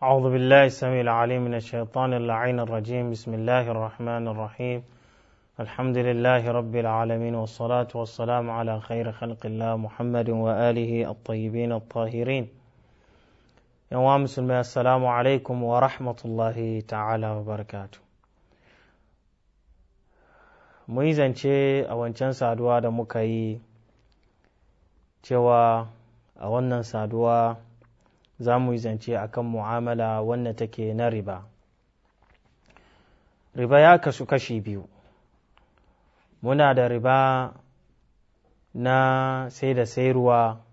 أعوذ بالله السميع العليم من الشيطان اللعين الرجيم بسم الله الرحمن الرحيم الحمد لله رب العالمين والصلاة والسلام على خير خلق الله محمد وآله الطيبين الطاهرين يا مسلمين السلام عليكم ورحمة الله تعالى وبركاته mun zance a wancan saduwa da muka yi cewa a wannan saduwa za mu yi zance a kan mu'amala wannan take na riba riba ya kasu kashi biyu muna da riba na sai da sayarwa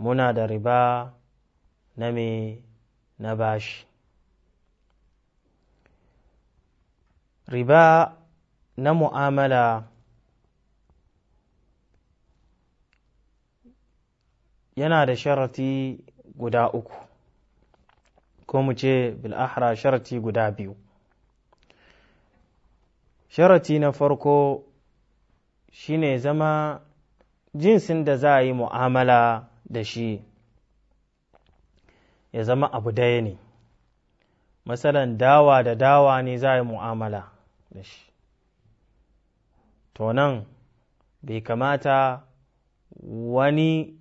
muna da riba na me na bashi riba na mu'amala yana da sharati guda uku ko mu ce bil ahra sharati guda biyu sharati na farko shine zama jinsin da za a yi mu'amala da shi ya zama abu daya ne matsalan dawa da dawa ne za a yi mu'amala da shi to nan bai kamata wani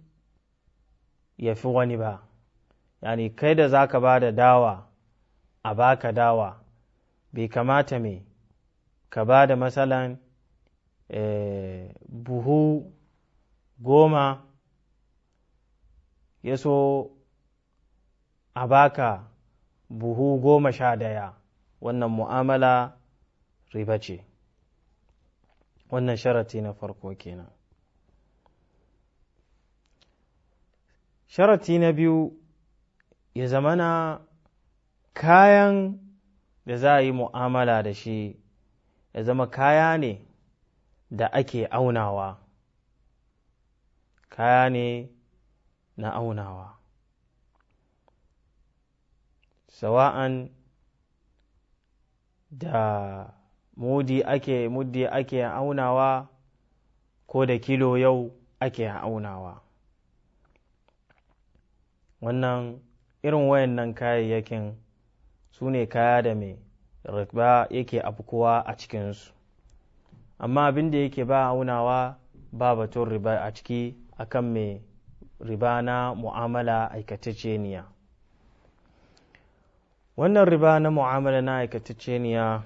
ya fi wani ba yani kai da za ka ba da dawa a baka dawa bai kamata me ka ba da matsalan eh, buhu goma ya so a baka buhu goma sha daya wannan mu'amala riba ce wannan sharati na farko kenan sharati na biyu ya zamana kayan da za a yi mu'amala da shi ya zama kaya ne da ake aunawa kaya ne na aunawa sawa'an da mudi ake muddi ake aunawa ko da kilo yau ake aunawa wannan irin wayannan kayayyakin su ne kaya da mai rikba yake afkuwa a cikinsu amma abin da yake ba aunawa ba batun riba a ciki akan mai riba na mu'amala aikataceniya wannan riba na mu'amala na aikataceniya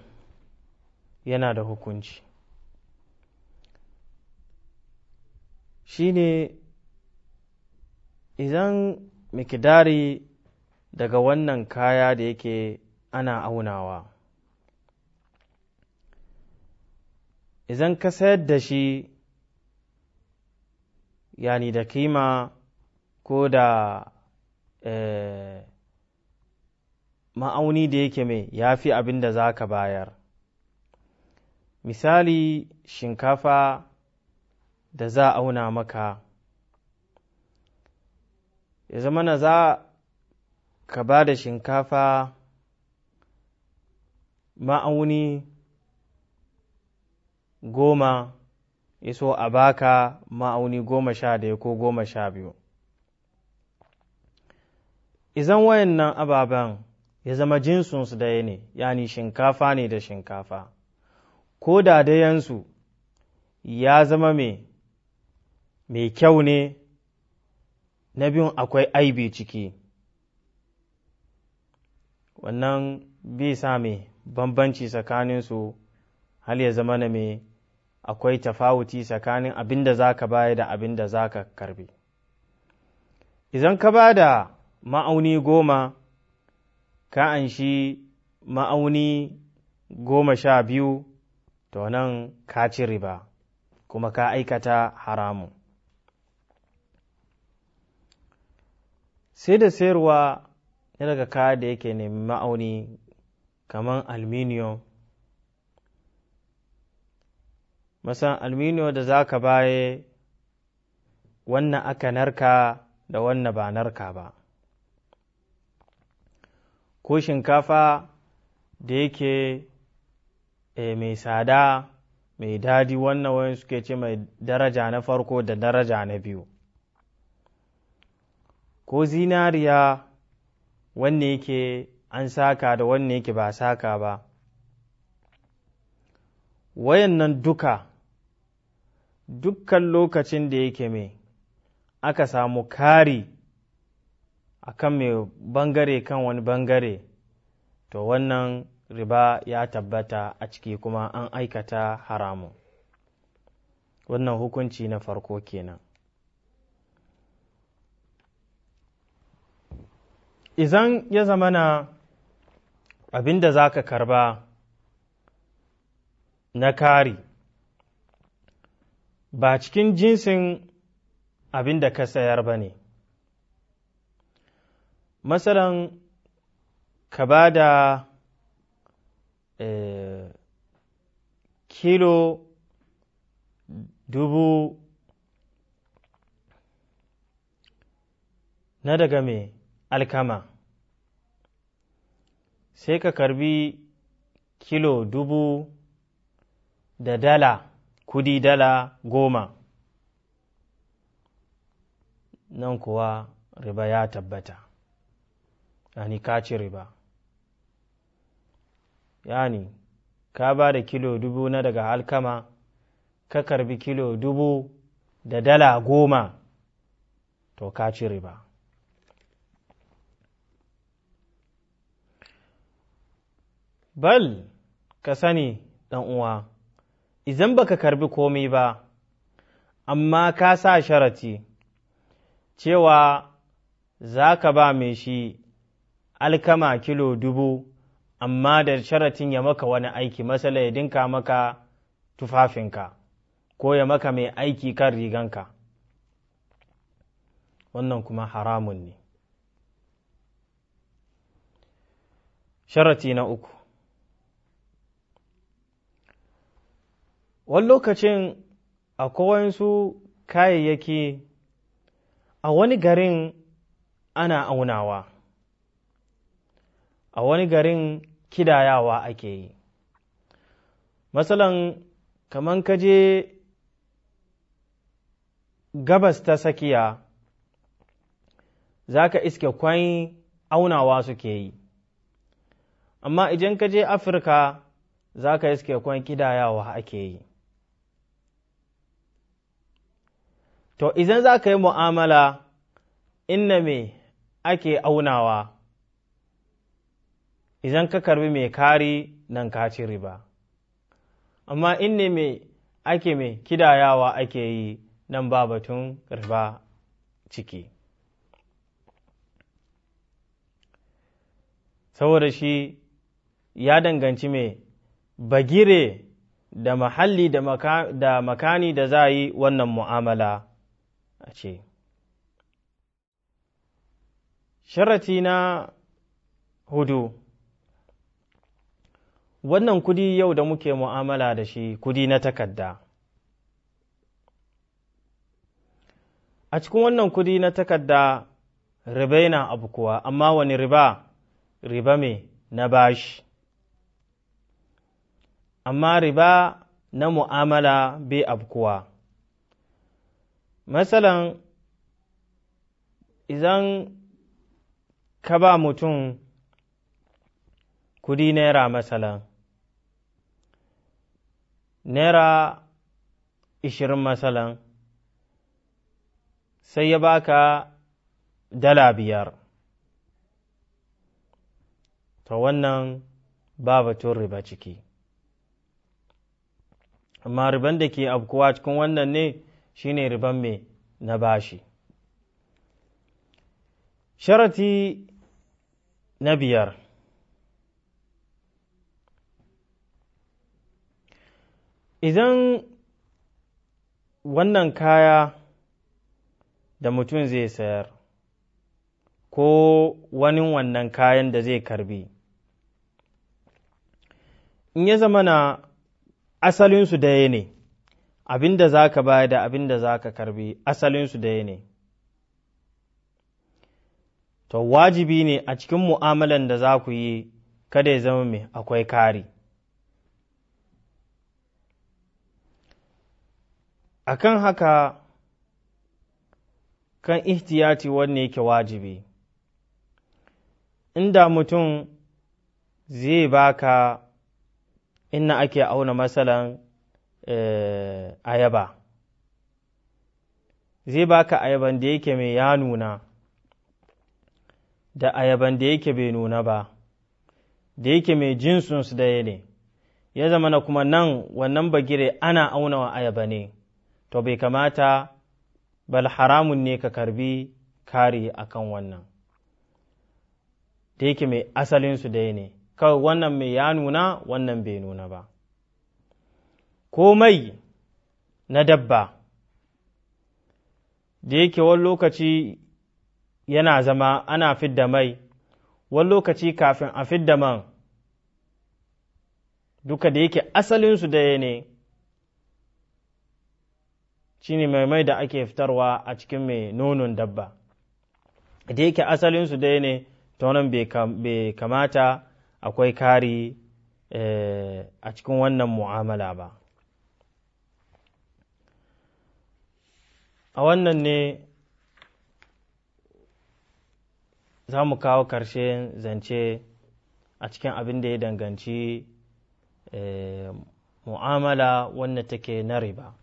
yana da hukunci shi ne idan mikidari daga wannan kaya da yake ana aunawa idan ka sayar da shi yani da kima ko da eh, ma'auni da yake mai ya fi abin da za ka bayar misali shinkafa da za auna maka ya zama na za ka ba da shinkafa ma'auni goma iso a baka ma'auni goma sha daya ko goma sha biyu izan wayannan ababen ya zama jinsunsu daya ne yani shinkafa ne da shinkafa ko da dayansu ya zama mai kyau ne na biyun akwai aibi ciki wannan bi sa me bambanci tsakaninsu hal ya zama na me akwai tafawuti tsakanin abin da za ka baya da abin da za ka karbi idan ka ba da ma'auni goma ka an shi ma'auni goma sha biyu to nan ka ci riba kuma ka aikata haramun sai da sayarwa ya daga kaya da yake nemi ma'auni kamar aluminium masan aluminium da za ka baye wannan aka narka da wannan ba narka ba ko shinkafa da yake e, mai tsada mai dadi wannan wayan suke ce mai daraja na farko da daraja na biyu ko zinariya wanne yake an saka da wanne yake ba saka ba wayannan duka dukkan lokacin da yake mai aka samu kari a kan mai bangare kan wani bangare to wannan riba ya tabbata a ciki kuma an aikata haramun wannan hukunci na farko kenan izan ya zamana abin da za ka karba na kari ba cikin jinsin abin da ka sayar ba ne masalan ka ba da eh, kilo dubu na daga mai alkama sai ka karbi kilo dubu da dala kudi dala goma nan kuwa riba ya tabbata yani ka ci riba yani ka ba da kilo dubu na daga alkama ka karbi kilo dubu da dala goma to ka ci riba bal ka sani uwa idan baka karbi komai ba amma ka sa sharati cewa za ka ba mai shi alkama kilo dubu amma da sharatin ya maka wani aiki masala ya dinka maka tufafinka ko ya maka mai aiki kan riganka wannan kuma haramun ne sharati na uku wani lokacin a kowansu kayayyaki a wani garin ana aunawa a wani garin kidayawa ake yi matsalan kaman kaje gabas ta sakiya za ka iske kwan aunawa suke yi amma idan ka je afirka za ka iske kwan kidayawa ake yi To, izan za ka yi mu'amala inna me ake aunawa, izan ka karbi mai kari nan ka ci riba, amma inna me ake mai kidayawa ake yi nan ba batun riba ciki. Saboda shi ya danganci mai bagire da mahalli da makani da za yi wannan mu'amala. a ce sharati na hudu wannan kudi yau da muke mu'amala da shi kudi na takarda a cikin wannan kudi na takarda riba yana abu kuwa amma wani riba riba mai na bashi amma riba na mu'amala bai abu kuwa matsalan idan ka ba mutum kudi naira matsalan naira ishirin matsalan sai ya baka dala biyar ta wannan ba batun riba ciki amma riban da ke abkuwa cikin wannan ne Shi ne riban me na bashi sharati na biyar idan wannan kaya da mutum zai sayar ko wani wannan kayan da zai karbi in ya zama na asalinsu daya ne abin da za ka baya da abin da za ka karbi asalinsu daya ne to wajibi ne a cikin mu'amalan da za ku yi kada ya zama mai akwai kari kan haka kan ihtiyati wanne yake wajibi inda mutum zai baka inna ake auna matsalan Eh, ayaba zai baka ayaban da yake mai ya nuna da ayaban da yake bai nuna ba da yake mai jinsinsu daya ne ya zama na kuma nan wannan bagire ana auna wa ayaba ne to bai kamata bal haramun ne ka karbi kare akan wannan da yake mai asalinsu daya ne kawai wannan mai ya nuna wannan bai nuna ba komai na dabba da yake wani lokaci yana zama ana fidda mai wani lokaci kafin a fidda man duka da yake asalinsu daya ne shi ne mai mai da ake fitarwa a cikin mai nonon dabba da yake asalinsu daya ne tonon bai kamata akwai kari eh, a cikin wannan mu'amala ba a wannan ne za mu kawo ƙarshen zance a cikin abin da ya danganci eh, mu'amala wanda take na riba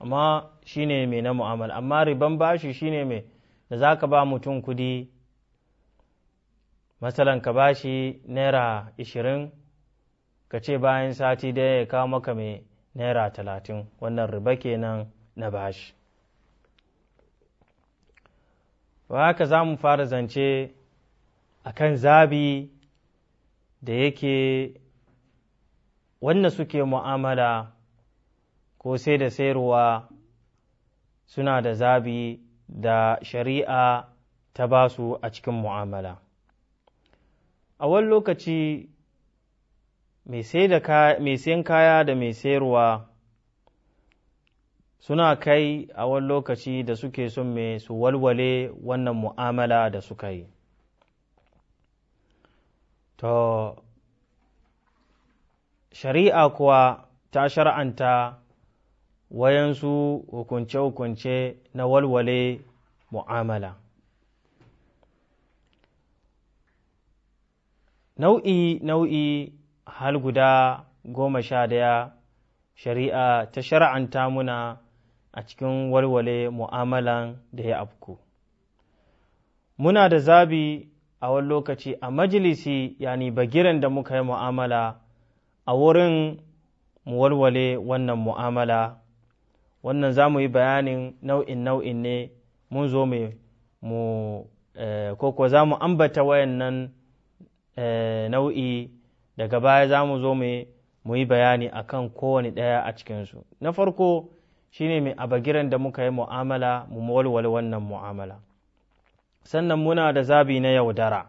amma shi ne mai na mu'amala amma riban bashi shi ne mai da za ka ba mutum kudi matsalan ka ba shi naira ishirin ka ce bayan sati daya ya kawo maka mai naira talatin wannan riba kenan na bashi haka za mu fara zance a kan zabi da yake wanda suke mu'amala ko sai da sayarwa suna da zabi da shari'a ta ba su a cikin mu'amala a wani lokaci mai sayan kaya da mai sayarwa suna kai a wani lokaci da suke son me su walwale wannan mu'amala da suka yi to shari'a kuwa ta shar'anta wayansu hukunce-hukunce na walwale mu'amala nau'i nau'i hal guda goma sha daya shari'a ta shara'anta muna a cikin walwale mu'amalan da ya afku muna da zabi a wani lokaci a majalisi yani bagiran da muka yi mu'amala a wurin mu walwale wannan mu'amala wannan za mu yi bayanin nau'in nau'in ne mun zo mu koko eh, za mu ambata wayannan eh, nau'i daga baya za mu zo mu yi bayani akan kowane ɗaya a cikinsu na farko shine mai abagiran da muka yi mu'amala mu walwal wannan mu'amala sannan muna da zabi na yaudara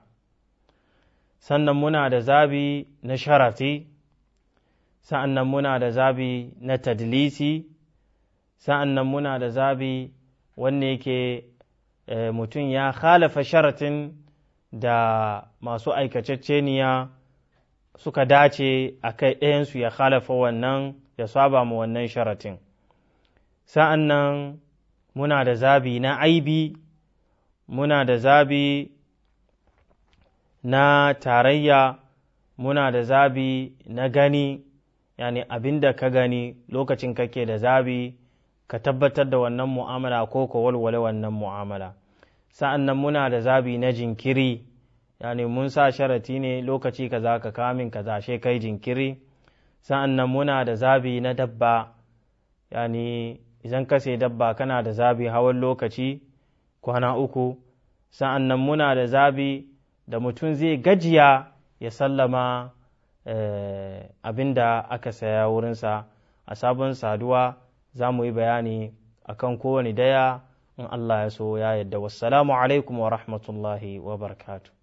sannan muna da zabi na sharati, sa'annan muna da zabi na tadlisi sa'annan muna da zabi wanne yake eh, mutum ya khalafa sharatin da masu aikacecceniya suka dace a kai ɗayansu ya khalafa wannan ya saba ma wannan sharatin sa'an nan muna da zabi na aibi muna da zabi na tarayya muna da zabi na gani yani abin da ka gani lokacin kake da zabi ka tabbatar da wannan mu'amala ko ka walwale wannan mu'amala sa'an nan muna da zabi na jinkiri yani mun sa sharati ne lokaci ka za ka kamin ka zashe kai jinkiri sa'an nan muna da zabi na dabba yani idan ka sai dabba kana da zabi hawan lokaci kwana uku sa'an nan muna da zabi da mutum zai gajiya ya sallama eh, abin da aka saya wurinsa a sabon saduwa za mu yi bayani a kan kowane daya in Allah ya so ya yadda wassalamu alaikum wa rahmatullahi wa barakatu